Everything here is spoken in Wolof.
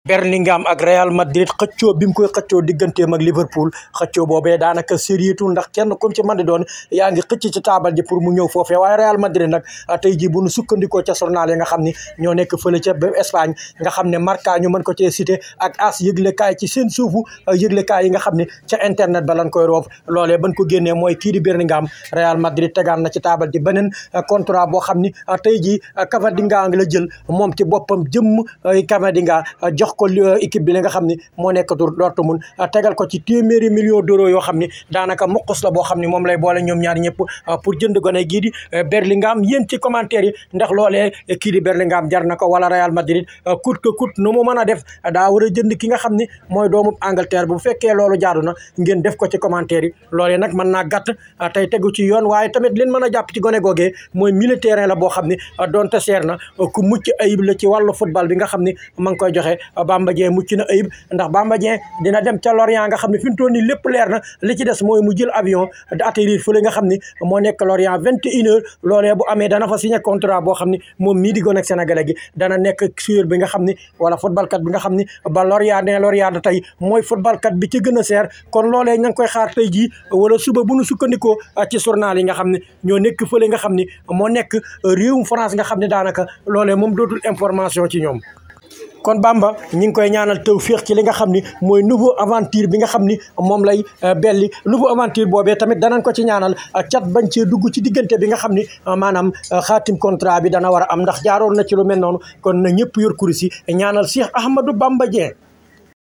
Bellingham ak Real Madrid xëccoo bi mu koy xëccoo digganteem ak Liverpool xëccoo boobee daanaka sériétul ndax kenn comme ci man di yaa ngi xëcc ci ji pour mu ñëw foofee waaye Real Madrid nag tey jii bu nu sukkandikoo ca journal yi nga xam ni ñoo nekk fële ca Espagne nga xam ne Marca ñu mën ko cee cité ak as yëglekaay ci seen suufu yëglekaay yi nga xam ne ca internet ba lan koy roof loolee ban ko génnee mooy kii di Bellingham Real Madrid tegaan na ci taabal ji beneen contrat boo xam ni tey jii Camavinga ngi la jël moom ci boppam jëmm Camavinga jox jox ko euh, équipe bi li nga xam ni moo nekk Dortmund euh, tegal ko ci téeméeri millions d'euros yoo xam ni daanaka muqus la boo xam ni moom lay boole ñoom ñaar ñëpp euh, pour jënd gone gii di Bellingham yéen ci commentaire yi ndax loolee kii di Bellingham jar na ko wala Real Madrid coûte que coûte nu mu mën a def daa war a jënd ki nga xam ni mooy doomu Angleterre bu fekkee loolu jaadu na ngeen def ko ci commentaire yi loolee nag mën naa gàtt tey tegu ci yoon waaye tamit leen mën a jàpp ci gone googee mooy militaire la boo xam ni donte seer na ku mucc ayib la ci wàllu football bi nga xam ni ma ngi koy joxe Bamba Dieng mucc na ayib ndax Bamba dina dem ca Lorient ga xam ne fi mu toll nii lépp leer na li ci des mooy mu jël avion di atterrir fële nga xam ni moo nekk Lorient vingt et une heures loolee bu amee dana fa signé contrat boo xam ne moom mii di gone ak sénégalais gi dana nekk joueur bi nga xam ne wala footballkat bi nga xam ne ba Lorient ne Lorient da tey mooy footballkat bi ci gën a seer kon loolee ña ngi koy xaar tey jii wala suba bu nu sukkandikoo ci journal yi nga xam ne ñoo nekk fële nga xam ne moo nekk réewum France nga xam ne daanaka loolee moom dootul information ci ñoom kon Bamba ñi ngi koy ñaanal tawféex ci li nga xam ni mooy nouveau aventure bi nga xam ni moom lay euh, belli nouveau aventure boobee tamit danañ ko ci ñaanal euh, cat bañ cee dugg ci diggante bi nga xam ni euh, maanaam xaatim contrat bi dana war am ndax jaaroon na ci lu mel noonu kon na ñëpp yor kursi ñaanal Cheikh Ahmadou Bamba Dieng